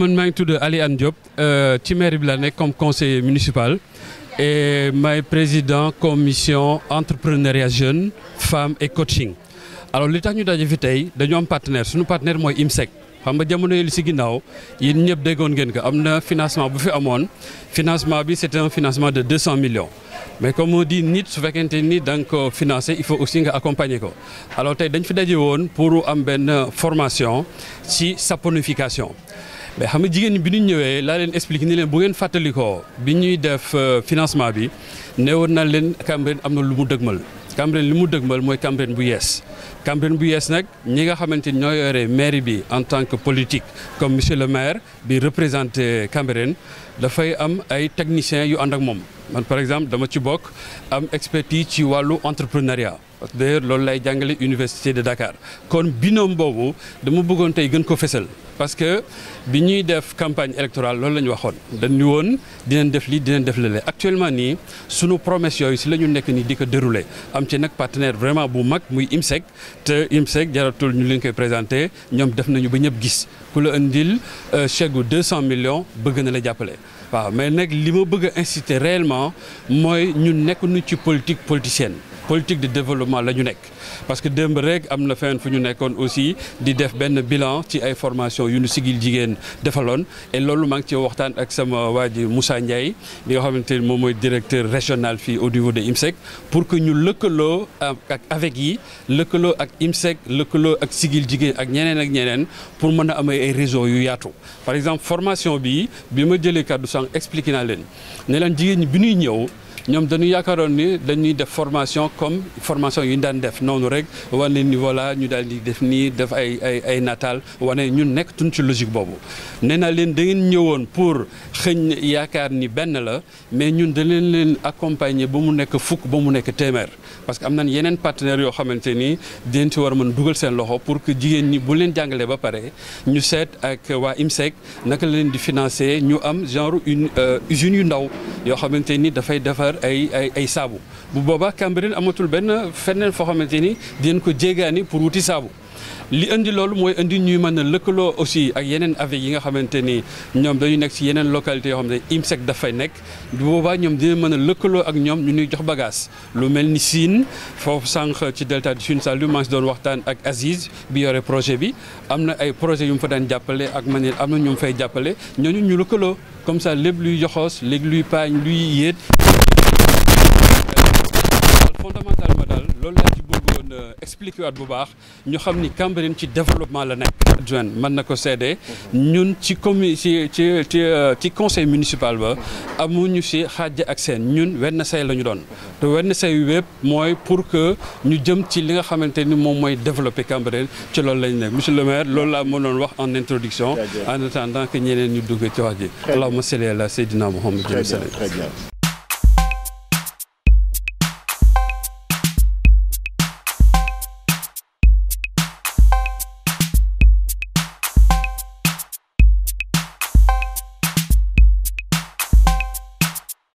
man maa ngi tudd Aliane Diop euh, ci mairie bi la nekk comme conseiller municipal et maay président commission entrepreneuriat jeune femmes et coaching alors li tax ñu daje fi tey dañu am partenaire suñu partenaire mooy IMSEC xam nga jamono yi li si ginnaaw yéen ñëpp déggoon ngeen ko am na financement bu fi amoon financement bi c'était un financement de 200 millions mais comme on dit nit su fekkente ni da ko financé il faut aussi nga accompagner ko alors tey dañu fi daje woon pour am benn formation ci saponification mais xam nga jigéen ñi bi ñu ñëwee laa leen expliqué ni leen bu ngeen fàttalikoo bi ñuy def euh, financement bi neewoon naa leen Cambérène am na lu mu dëgmal Cambérène li mu dëgmal mooy Cambérène bu yees Cambérène bu yees nag ñi nga xamante ni ñoo yore mairie bi en tant que politique comme monsieur le maire bi représenté Cambérène dafay am ay techniciens yu ànd ak moom. man par exemple dama ci bokk am expertise ci wàllu entrepreneuriat parce que d'ailleurs loolu lay jàngale université de Dakar kon binôme boobu dama bëggoon tey gën ko fesal parce que bi ñuy def campagne électorale loolu la ñu waxoon dañu woon dinañ def lii dinañ def lële actuellement nii sunu promesse yooyu si la ñu nekk nii di ko dérouler am ci nag partenaire vraiment bu mag muy IMSEC te IMSEC jaratul ñu leen koy présenté ñoom def nañu ba ñëpp gis ku la indil euh, chèque gu 200 bëgg na la jàppale. waaw mais nag li ma bëgg a inciter réellement mooy ñu nekk nu ci politique politicienne politique de développement la ñu nekk parce que démb rek am na fenn fu ñu nekkoon aussi di def benn bilan ci ay formation yu nu sigil jigéen defaloon loolu maa ngi ci waxtaan ak sama waa ji Moussa Ndiaye li nga xamante ni moom mooy directeur régional fii au niveau de IMSEC pour que ñu lëkkaloo ak avec yi lëkkaloo ak IMSEC lëkkaloo ak sigil jigéen ak ñeneen ak ñeneen pour mën a am ay réseau yu yaatu sànq expliqué naa leen ne leen jigéen ñi bi ñuy ñëw ñoom dañu yaakaaroon ni dañuy def formation comme formation yi ñu daan def noonu rek wane ni voilà ñu daal di def nii def ay ay nataal wane ñun nekk tun ci logique boobu nee naa leen da ngeen ñëwoon pour xëñ yaakaar ni benn la mais ñun da leen leen accompagner ba mu nekk fukk ba mu nekk téeméer parce que am nañ yeneen partenaires yoo xamante ni dinañ ci war a mën dugal seen loxo pour que jigéen ñi bu leen jàngalee ba pare ñu seet ak waa IMSEC naka leen di financer ñu am genre une euh, usine yu ndaw yoo ay ay saabu bu boobaa Cambérène amatul benn feneen foo xamante ni dinañ ko jéegaani pour wuti saabu. li indi loolu mooy indi ñuy mën a lëkkaloo aussi ak yeneen avec yi nga xamante ni ñoom dañu nekk si yeneen localité yoo xam ne dafay nekk bu boobaa ñoom dina mën a lëkkaloo ak ñoom ñu ñuy jox bagage lu mel ni Sine foofu sànq ci delta du Sine Saloum maa ngi doon waxtaan ak Aziz bi yore projet bi am na ay projet yu mu fa daan jàppale ak man am na ñoom fay jàppale ñooñu ñu lëkkaloo comme ça lépp luy joxoos léegi luy paañ luy yéet fondamentalement daal Euh, expliqué waat bu baax ñu xam ni Cambérène ci développement la nekk adjoint mën na ko seede ñun ci commune ci ci euh, ci conseil municipal ba amuñu si xaj ak seen ñun wenn say la ñu doon te wenn say wépp mooy pour que ñu jëm ci li nga xamante ni moom mooy développer Cambérène ci loolu lañ nekk monsieur le maire loolu laa mënoon wax en introduction en attendant que ñeneen ñu dugg ci wax ji la allahumma salli ala sayyidina Muhammad